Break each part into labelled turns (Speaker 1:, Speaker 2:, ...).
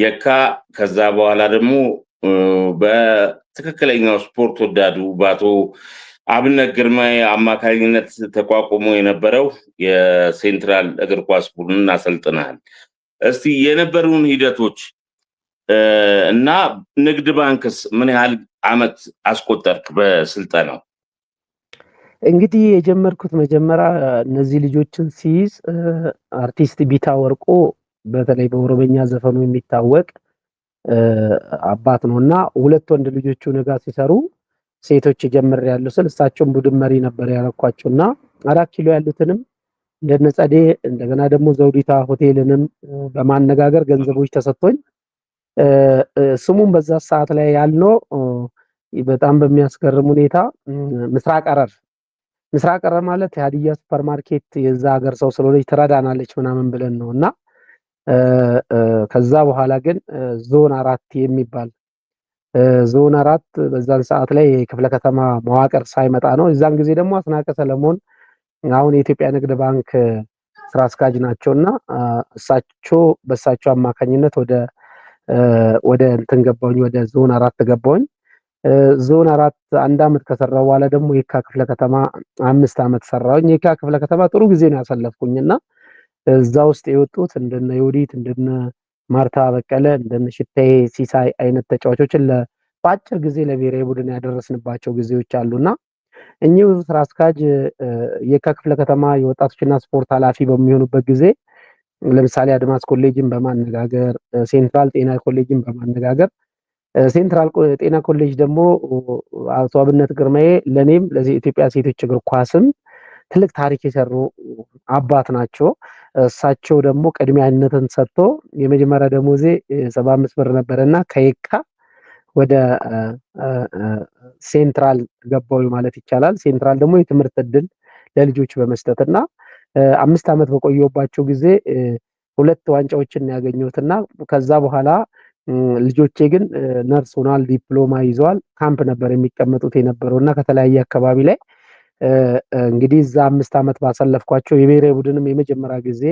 Speaker 1: የካ ከዛ በኋላ ደግሞ በትክክለኛው ስፖርት ወዳዱ በአቶ አብነት ግርማ አማካኝነት ተቋቁሞ የነበረው የሴንትራል እግር ኳስ ቡድን አሰልጥናል። እስቲ የነበሩን ሂደቶች እና ንግድ ባንክስ ምን ያህል አመት አስቆጠርክ በስልጠናው?
Speaker 2: እንግዲህ የጀመርኩት መጀመሪያ እነዚህ ልጆችን ሲይዝ አርቲስት ቢታ ወርቆ በተለይ በኦሮመኛ ዘፈኑ የሚታወቅ አባት ነው እና ሁለት ወንድ ልጆቹ ንጋ ሲሰሩ ሴቶች ጀምር ያሉ ስል እሳቸውን ቡድን መሪ ነበር ያረኳቸው እና አራት ኪሎ ያሉትንም እንደነ ጸዴ እንደገና ደግሞ ዘውዲታ ሆቴልንም በማነጋገር ገንዘቦች ተሰጥቶኝ ስሙን በዛ ሰዓት ላይ ያልነው በጣም በሚያስገርም ሁኔታ ምስራቅ ሐረር ምስራቅ ሐረር ማለት የሀዲያ ሱፐርማርኬት የዛ ሀገር ሰው ስለሆነች ትረዳናለች ምናምን ብለን ነው እና ከዛ በኋላ ግን ዞን አራት የሚባል ዞን አራት በዛን ሰዓት ላይ የክፍለ ከተማ መዋቅር ሳይመጣ ነው። እዛን ጊዜ ደግሞ አስናቀ ሰለሞን አሁን የኢትዮጵያ ንግድ ባንክ ስራ አስኪያጅ ናቸው እና እሳቸው በእሳቸው አማካኝነት ወደ ወደ እንትን ገባሁኝ ወደ ዞን አራት ገባውኝ። ዞን አራት አንድ አመት ከሰራው በኋላ ደግሞ የካ ክፍለ ከተማ አምስት አመት ሰራው የካ ክፍለ ከተማ ጥሩ ጊዜ ነው ያሳለፍኩኝ እና እዛ ውስጥ የወጡት እንደነ ዩዲት እንደነ ማርታ በቀለ እንደነ ሽታዬ ሲሳይ አይነት ተጫዋቾችን በአጭር ጊዜ ለብሔራዊ ቡድን ያደረስንባቸው ጊዜዎች አሉና እኚሁ ስራ አስኪያጅ ከተማ የወጣቶችና ስፖርት ኃላፊ በሚሆኑበት ጊዜ ለምሳሌ አድማስ ኮሌጅን በማነጋገር ሴንትራል ጤና ኮሌጅን በማነጋገር ሴንትራል ጤና ኮሌጅ ደግሞ አቶ አብነት ግርማዬ ለእኔም ለኢትዮጵያ ሴቶች እግር ኳስም ትልቅ ታሪክ የሰሩ አባት ናቸው። እሳቸው ደግሞ ቅድሚያነትን ሰጥቶ የመጀመሪያ ደሞዜ ሰባ አምስት ብር እና ከየካ ወደ ሴንትራል ገባዊ ማለት ይቻላል። ሴንትራል ደግሞ የትምህርት እድል ለልጆች በመስጠት እና አምስት ዓመት በቆየባቸው ጊዜ ሁለት ዋንጫዎችን ያገኘሁት እና ከዛ በኋላ ልጆቼ ግን ነርስ ሆኗል፣ ዲፕሎማ ይዘዋል። ካምፕ ነበር የሚቀመጡት የነበረው እና ከተለያየ አካባቢ ላይ እንግዲህ እዛ አምስት ዓመት ባሳለፍኳቸው የብሔራዊ ቡድንም የመጀመሪያ ጊዜ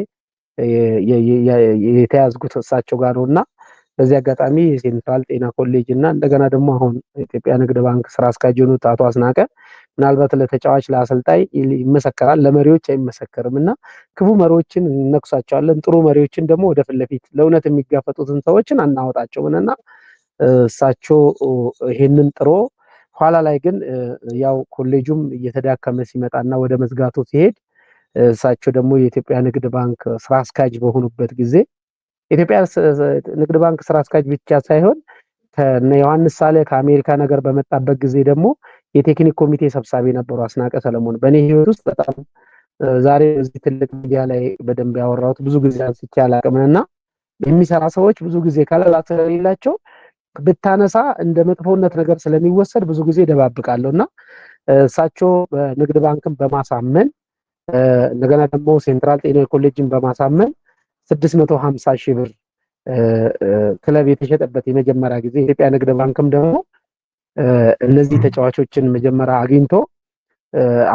Speaker 2: የተያዝኩት እሳቸው ጋር ነው እና በዚህ አጋጣሚ የሴንትራል ጤና ኮሌጅ እና እንደገና ደግሞ አሁን ኢትዮጵያ ንግድ ባንክ ስራ አስኪያጅ የሆኑት አቶ አስናቀ ምናልባት ለተጫዋች ለአሰልጣኝ ይመሰከራል፣ ለመሪዎች አይመሰከርም እና ክፉ መሪዎችን እነኩሳቸዋለን፣ ጥሩ መሪዎችን ደግሞ ወደፊት ለፊት ለእውነት የሚጋፈጡትን ሰዎችን አናወጣቸውም እሳቸው ይህንን ጥሮ ኋላ ላይ ግን ያው ኮሌጁም እየተዳከመ ሲመጣና ወደ መዝጋቱ ሲሄድ እሳቸው ደግሞ የኢትዮጵያ ንግድ ባንክ ስራ አስኪያጅ በሆኑበት ጊዜ ኢትዮጵያ ንግድ ባንክ ስራ አስኪያጅ ብቻ ሳይሆን ከነ ዮሐንስ ሳለ ከአሜሪካ ነገር በመጣበት ጊዜ ደግሞ የቴክኒክ ኮሚቴ ሰብሳቢ ነበሩ አስናቀ ሰለሞን። በእኔ ህይወት ውስጥ በጣም ዛሬ በዚህ ትልቅ ሚዲያ ላይ በደንብ ያወራሁት ብዙ ጊዜ አንስቼ አላቅምና የሚሰራ ሰዎች ብዙ ጊዜ ከለላ ስለሌላቸው ብታነሳ እንደ መጥፎነት ነገር ስለሚወሰድ ብዙ ጊዜ ደባብቃለሁ እና እሳቸው በንግድ ባንክን በማሳመን እንደገና ደግሞ ሴንትራል ጤና ኮሌጅን በማሳመን 650 ሺህ ብር ክለብ የተሸጠበት የመጀመሪያ ጊዜ ኢትዮጵያ ንግድ ባንክም ደግሞ እነዚህ ተጫዋቾችን መጀመሪያ አግኝቶ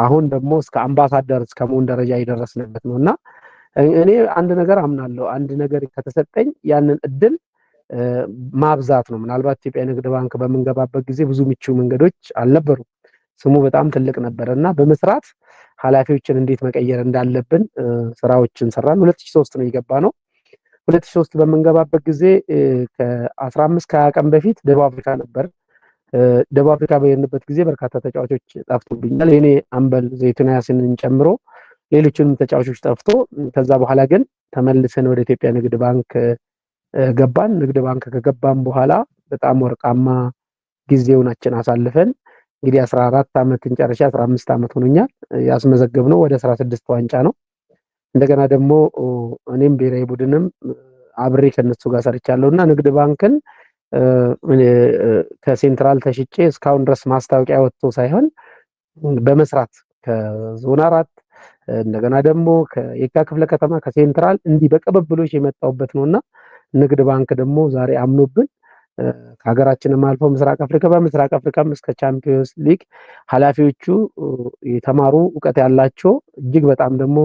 Speaker 2: አሁን ደግሞ እስከ አምባሳደር እስከ መሆን ደረጃ የደረስንበት ነው እና እኔ አንድ ነገር አምናለሁ። አንድ ነገር ከተሰጠኝ ያንን እድል ማብዛት ነው። ምናልባት ኢትዮጵያ ንግድ ባንክ በምንገባበት ጊዜ ብዙ ምቹ መንገዶች አልነበሩም። ስሙ በጣም ትልቅ ነበር እና በመስራት ኃላፊዎችን እንዴት መቀየር እንዳለብን ስራዎችን ሰራን። ሁለት ሺህ ሶስት ነው የገባ ነው። ሁለት ሶስት በምንገባበት ጊዜ ከአስራ አምስት ከሀያ ቀን በፊት ደቡብ አፍሪካ ነበር። ደቡብ አፍሪካ በሄድንበት ጊዜ በርካታ ተጫዋቾች ጠፍቶብኛል። የኔ አምበል ዘይቱን ያሲንን ጨምሮ ሌሎችንም ተጫዋቾች ጠፍቶ ከዛ በኋላ ግን ተመልሰን ወደ ኢትዮጵያ ንግድ ባንክ ገባን። ንግድ ባንክ ከገባን በኋላ በጣም ወርቃማ ጊዜውናችን አሳልፈን እንግዲህ አስራ አራት ዓመትን ጨርሼ አስራ አምስት ዓመት ሆኖኛል። ያስመዘገብነው ወደ ስራ ስድስት ዋንጫ ነው። እንደገና ደግሞ እኔም ብሔራዊ ቡድንም አብሬ ከነሱ ጋር ሰርቻለሁ እና ንግድ ባንክን ከሴንትራል ተሽጬ እስካሁን ድረስ ማስታወቂያ ወጥቶ ሳይሆን በመስራት ከዞን አራት እንደገና ደግሞ ከየካ ክፍለ ከተማ ከሴንትራል እንዲህ በቀበብሎች የመጣሁበት ነው እና ንግድ ባንክ ደግሞ ዛሬ አምኖብን ከሀገራችንም አልፎ ምስራቅ አፍሪካ በምስራቅ አፍሪካም እስከ ቻምፒዮንስ ሊግ ኃላፊዎቹ የተማሩ እውቀት ያላቸው እጅግ በጣም ደግሞ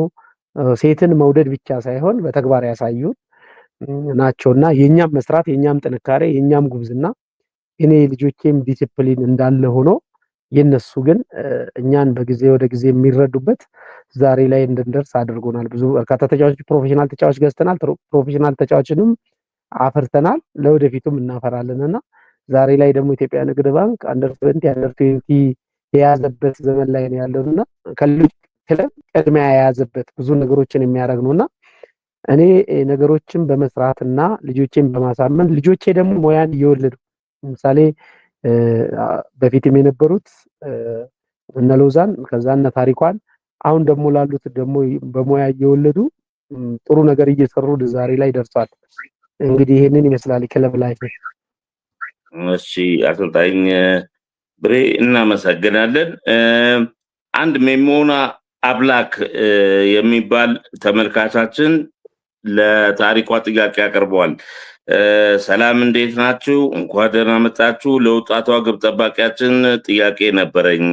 Speaker 2: ሴትን መውደድ ብቻ ሳይሆን በተግባር ያሳዩን እና የእኛም መስራት የእኛም ጥንካሬ የእኛም ጉብዝና እኔ ልጆቼም ዲሲፕሊን እንዳለ ሆኖ የነሱ ግን እኛን በጊዜ ወደ ጊዜ የሚረዱበት ዛሬ ላይ እንድንደርስ አድርጎናል። ብዙ በርካታ ተጫዋች ፕሮፌሽናል ተጫዋች ገዝተናል። ፕሮፌሽናል ተጫዋችንም አፍርተናል፣ ለወደፊቱም እናፈራለን እና ዛሬ ላይ ደግሞ ኢትዮጵያ ንግድ ባንክ አንደር ትዌንቲ አንደር ትዌንቲ የያዘበት ዘመን ላይ ነው ያለው እና ከሌሎች ክለብ ቅድሚያ የያዘበት ብዙ ነገሮችን የሚያደርግ ነው እና እኔ ነገሮችን በመስራትና ልጆቼን በማሳመን ልጆቼ ደግሞ ሙያን እየወለዱ ለምሳሌ በፊትም የነበሩት እነ ሎዛን ከዛ እነ ታሪኳን አሁን ደግሞ ላሉት ደግሞ በሙያ እየወለዱ ጥሩ ነገር እየሰሩ ዛሬ ላይ ደርሷል። እንግዲህ ይህንን ይመስላል ክለብ ላይፍ። እሺ አሰልጣኝ ብሬ እናመሰግናለን። አንድ ሜሞና አብላክ የሚባል ተመልካቻችን ለታሪኳ ጥያቄ ያቀርበዋል። ሰላም እንዴት ናችሁ? እንኳን ደህና መጣችሁ። ለወጣቷ ግብ ጠባቂያችን ጥያቄ ነበረኝ።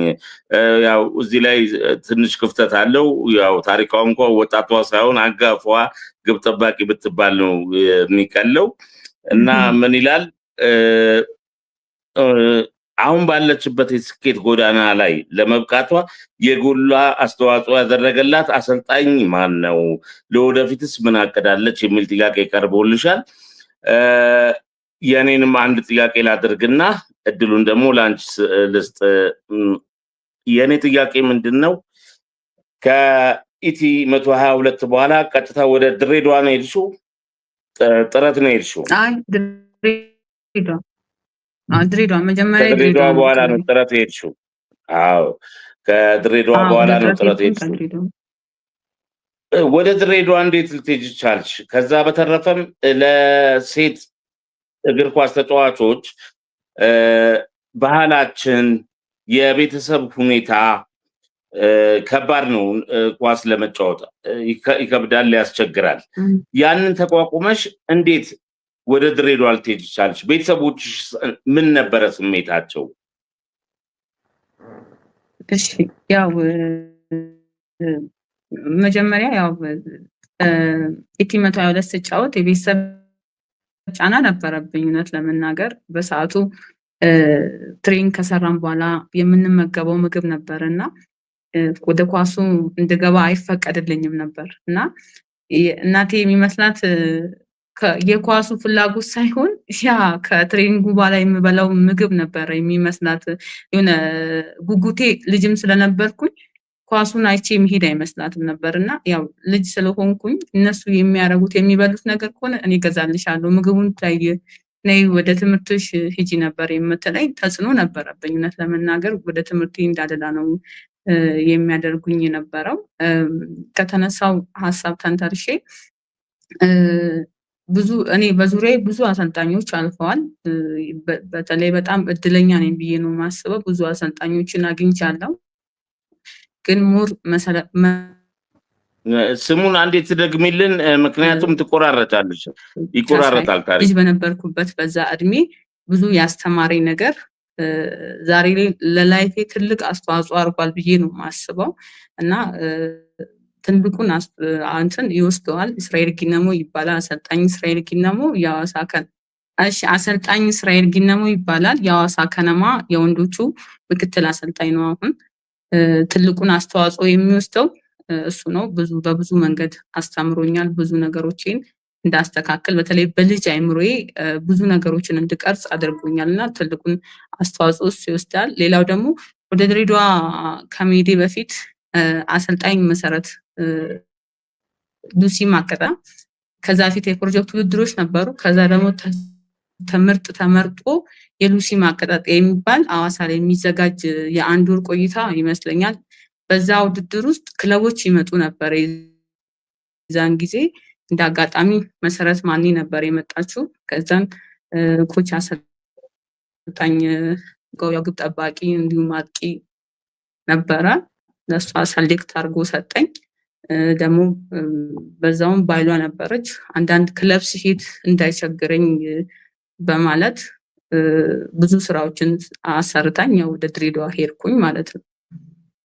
Speaker 2: ያው እዚህ ላይ ትንሽ ክፍተት አለው። ያው ታሪኳ እንኳ ወጣቷ ሳይሆን አጋፏ ግብ ጠባቂ ብትባል ነው የሚቀለው እና ምን ይላል አሁን ባለችበት የስኬት ጎዳና ላይ ለመብቃቷ የጎላ አስተዋጽኦ ያደረገላት አሰልጣኝ ማን ነው? ለወደፊትስ ምን አቅዳለች? የሚል ጥያቄ ቀርቦልሻል። የእኔንም አንድ ጥያቄ ላድርግና እድሉን ደግሞ ለአንቺ ልስጥ። የእኔ ጥያቄ ምንድን ነው? ከኢቲ መቶ ሀያ ሁለት በኋላ ቀጥታ ወደ ድሬዳዋ ነው የሄድሽው? ጥረት ነው የሄድሽው? ድሬዳዋ መጀመሪያ ከድሬዳዋ በኋላ ነው ጥረት አዎ ከድሬዳዋ በኋላ ነው ጥረት ወደ ድሬዳዋ እንዴት ልትሄጂ ቻልሽ? ከዛ በተረፈም ለሴት እግር ኳስ ተጫዋቾች ባህላችን፣ የቤተሰብ ሁኔታ ከባድ ነው። ኳስ ለመጫወት ይከብዳል፣ ያስቸግራል። ያንን ተቋቁመሽ እንዴት ወደ ድሬዳዋ ልትሄድ ይቻለች። ቤተሰቦች ምን ነበረ ስሜታቸው? እሺ ያው መጀመሪያ ያው ኢቲ መቶ ያው ሁለት የቤተሰብ ጫና ነበረብኝ። እውነት ለመናገር በሰዓቱ ትሬን ከሰራን በኋላ የምንመገበው ምግብ ነበር እና ወደ ኳሱ እንድገባ አይፈቀድልኝም ነበር እና እናቴ የሚመስላት የኳሱ ፍላጎት ሳይሆን ያ ከትሬኒንጉ በኋላ የምበላው ምግብ ነበረ የሚመስላት። የሆነ ጉጉቴ ልጅም ስለነበርኩኝ ኳሱን አይቼ የሚሄድ አይመስላትም ነበር እና ያው ልጅ ስለሆንኩኝ እነሱ የሚያደርጉት የሚበሉት ነገር ከሆነ እኔ እገዛልሻለሁ፣ ምግቡን ታይ፣ ነይ ወደ ትምህርትሽ ሂጂ ነበር የምትለኝ። ተጽዕኖ ነበረብኝ እውነት ለመናገር ወደ ትምህርት እንዳደላ ነው የሚያደርጉኝ የነበረው። ከተነሳው ሀሳብ ተንተርሼ ብዙ እኔ በዙሪያ ብዙ አሰልጣኞች አልፈዋል። በተለይ በጣም እድለኛ ነኝ ብዬ ነው የማስበው። ብዙ አሰልጣኞችን አግኝቻለሁ። ግን ሙር ስሙን አንዴ ትደግሚልን፣ ምክንያቱም ትቆራረጣለች፣ ይቆራረጣል ታሪክ። ልጅ በነበርኩበት በዛ እድሜ ብዙ ያስተማሪ ነገር ዛሬ ለላይፌ ትልቅ አስተዋጽኦ አድርጓል ብዬ ነው የማስበው እና ትልቁን እንትን ይወስደዋል። እስራኤል ኪነሞ ይባላል አሰልጣኝ እስራኤል ኪነሞ የሐዋሳ ከነማ እሺ፣ አሰልጣኝ እስራኤል ኪነሞ ይባላል። የሐዋሳ ከነማ የወንዶቹ ምክትል አሰልጣኝ ነው። አሁን ትልቁን አስተዋጽኦ የሚወስደው እሱ ነው። ብዙ በብዙ መንገድ አስተምሮኛል። ብዙ ነገሮችን እንዳስተካከል በተለይ በልጅ አይምሮዬ ብዙ ነገሮችን እንድቀርጽ አድርጎኛል እና ትልቁን አስተዋጽኦ እሱ ይወስዳል። ሌላው ደግሞ ወደ ድሬዳዋ ከመሄዴ በፊት አሰልጣኝ መሰረት ዱሲ ማቀጣ ከዛ ፊት የፕሮጀክት ውድድሮች ነበሩ። ከዛ ደግሞ ትምህርት ተመርጦ የሉሲ ማቀጣጠ የሚባል አዋሳ ላይ የሚዘጋጅ የአንድ ወር ቆይታ ይመስለኛል። በዛ ውድድር ውስጥ ክለቦች ይመጡ ነበር። የዛን ጊዜ እንደ አጋጣሚ መሰረት ማኔ ነበር የመጣችው። ከዛን ኮች አሰልጣኝ፣ ግብ ጠባቂ እንዲሁም አጥቂ ነበረ። ለእሷ ሰልዴክት አድርጎ ሰጠኝ። ደግሞ በዛውም ባይሏ ነበረች። አንዳንድ ክለብ ሲሄድ እንዳይቸግረኝ በማለት ብዙ ስራዎችን አሰርታኝ ያው ወደ ድሬዳዋ ሄድኩኝ ማለት ነው።